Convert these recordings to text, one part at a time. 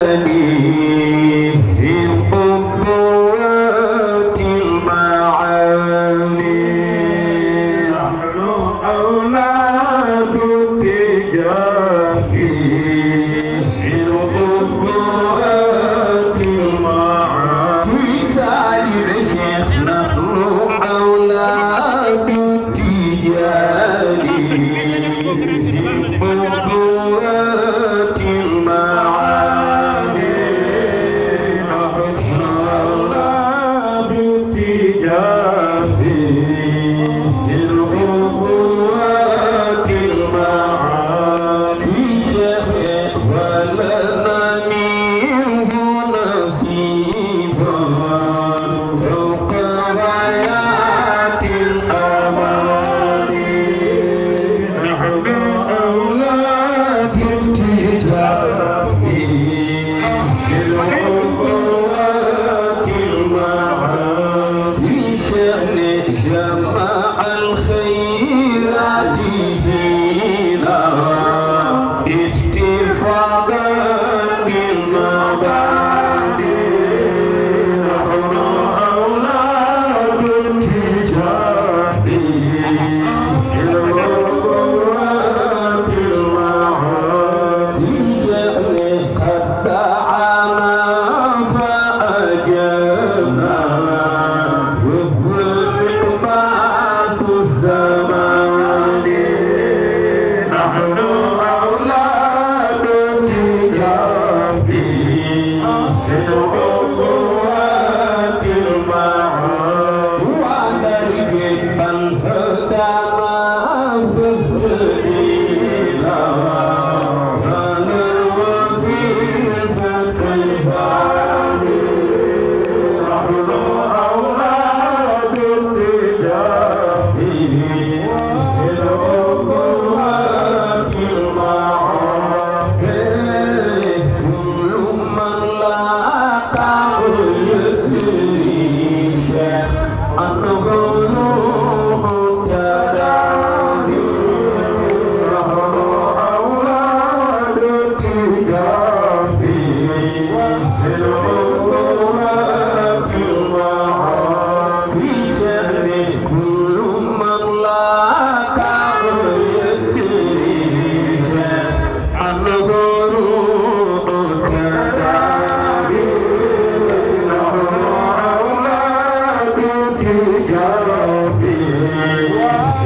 Thank you.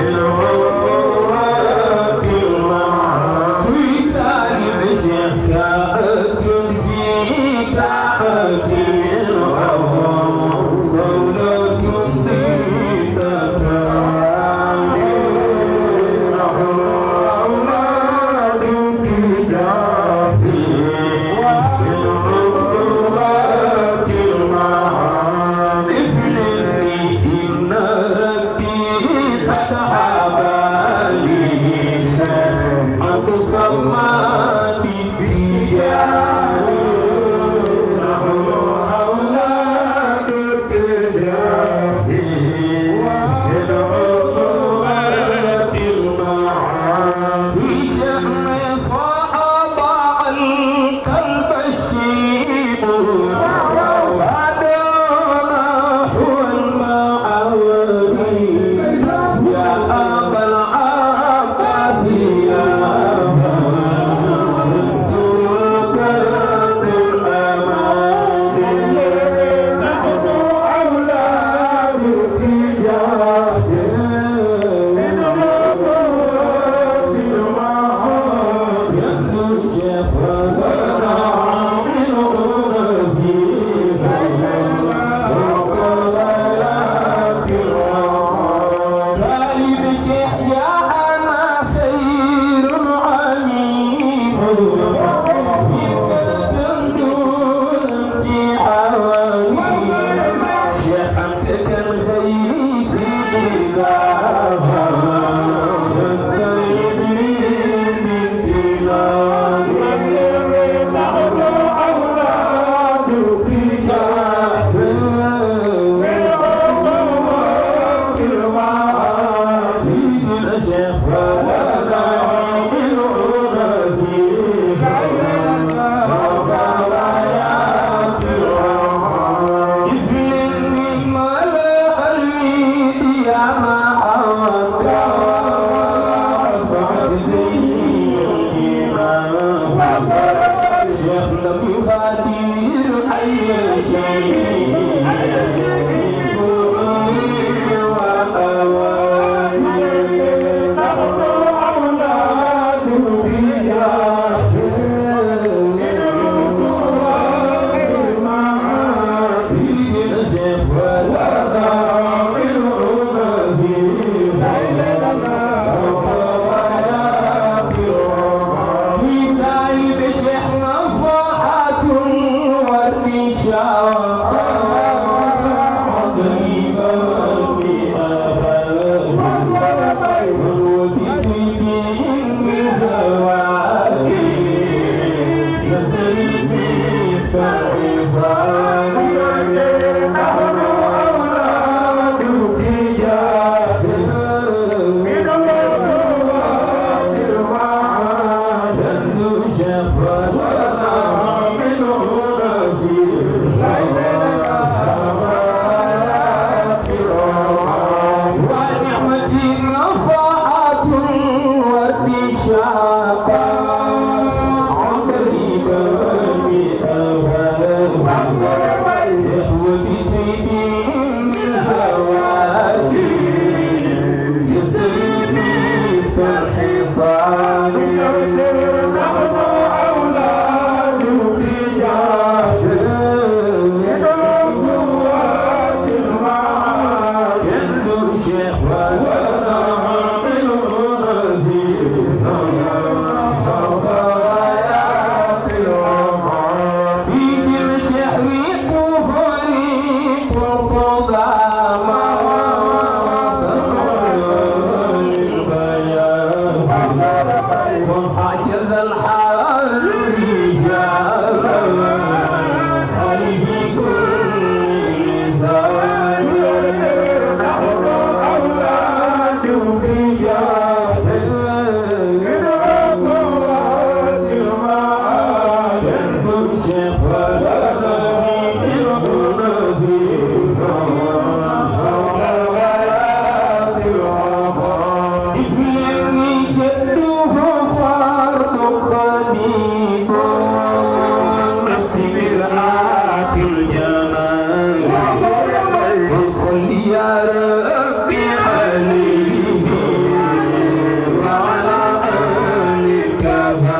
Hello. Oh. Salva.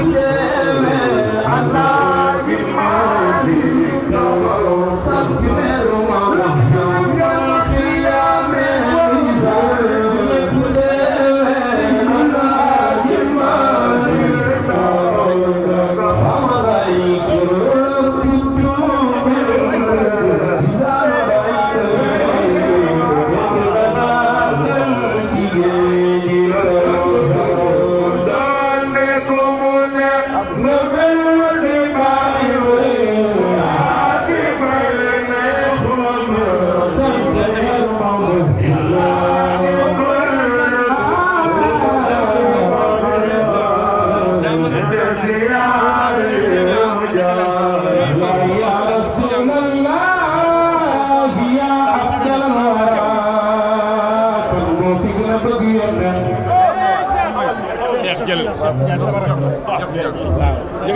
we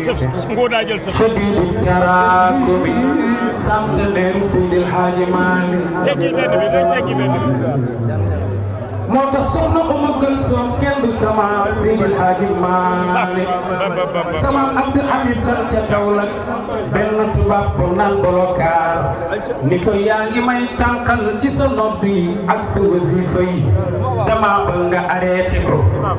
jël sëf ngoo daa jël sëf sant leen Seydil Hadji Malick moo tax soxna Oumou kenn du sama Seydil Hadji Malick sama Abdou Hamid kan ca Kaolack benn tubaab bu naan bolokaar ni ko yaa ngi may tànkal ci sa bi ak sa wasifa yi dama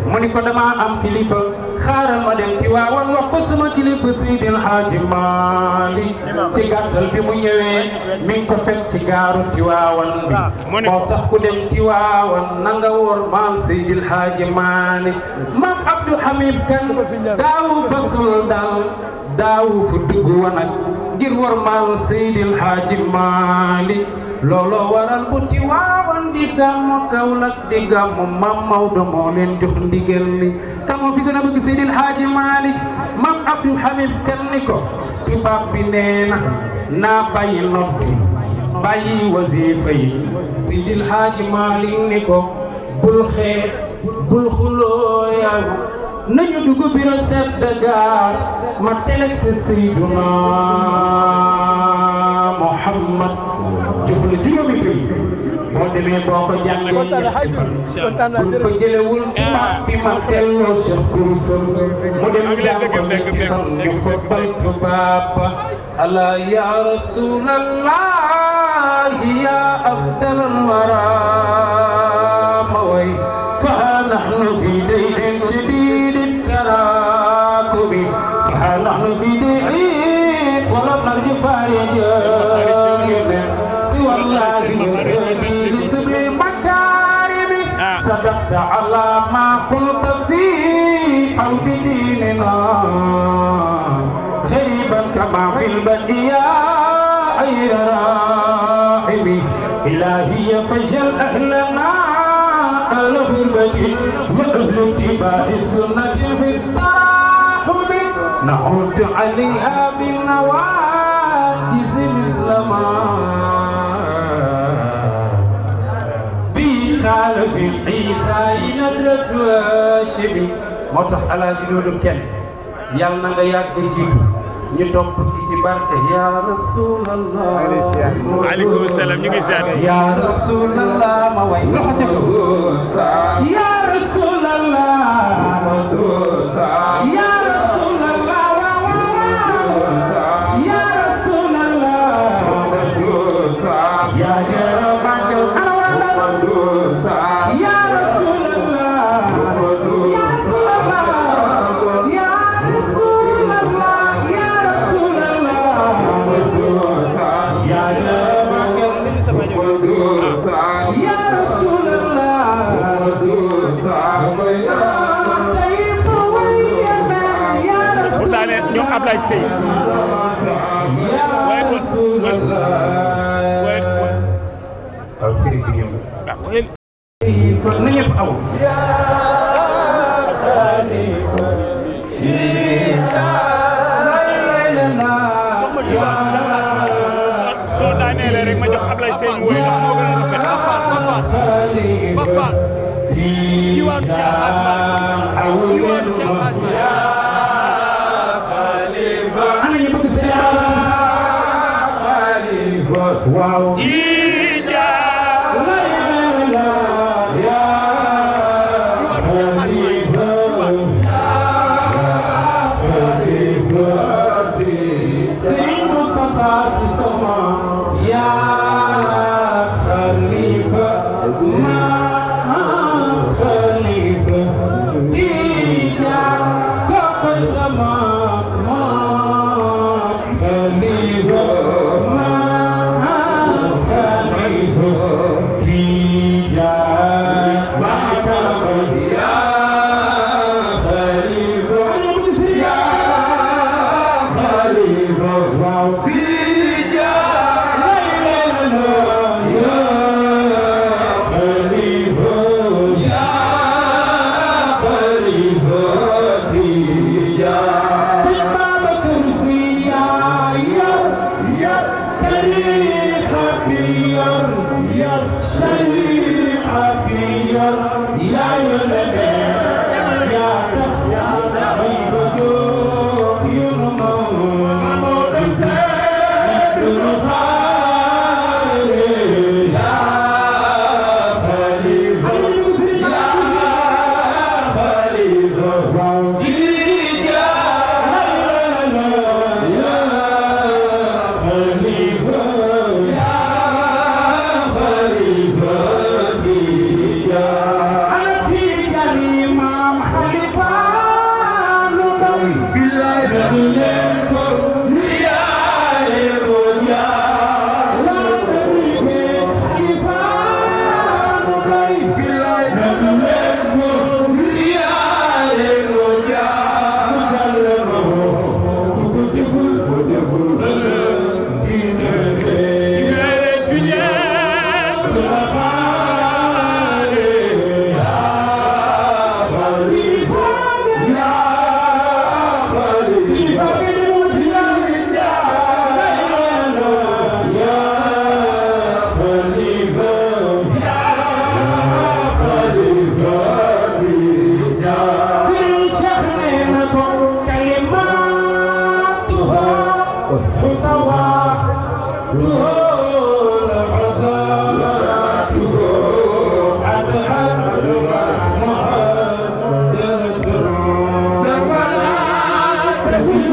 mu ni ko dama am kilifa xaaral ma dem ci waawan wax ko sama kilifa Seydi El Hadji Malick ci gàttal bi mu ñëwee mi ngi ko fekk ci gaaru ci waawan bi moo tax ku dem ci waawan na nga wóor maam Seydi El Hadji Malick maam Abdou Hamid Kan daawu fa sul dal daawu fa dugg wanag ngir war maam Seydi El Hadji Malick waral bu ci waawan di gàmmu Kaolack di gàmmu maam Maodo moo leen jox ndigal li dana bëgg Seydil Hadji Malick Mame Abdou Hamid Kane ni ko tubaab bi nee na naa bàyyi noppi bàyyi wasifa yi Seydil Hadji ni ko bul xeex bul xuloo yow nañu dugg bureau chef de gare ma télé si Seydina Muhammad demee boo ko jàngee ñëpp buñ fa jëlewul imaam ah. bi ma delloo Cheikh Kourou mu dem jàngoon ci xam ne fa baltu baaba ala ya rasulallah ya afdal alwara ma way fa nahnu fi day'in shadid tarakubi fa nahnu fi day'in wala narji farid خرجت على ما قلت في قلب ديننا غريبا كما في البديع غير راحم إلهي فجل أهلنا أهل غربتي وأهل اتباع السنة في التراحم نعود عليها بالنواجز مثل ما xaal fi isa yi nadrat chebi moo tax alaaji doodum kenn yàlla na nga yàgg jiitu ñu topp ci ci barke ya rasulallah aleykum salaam ñu ngi ziar ya rasulallah ma way loxo ca kaw ya rasulallah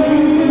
Thank you.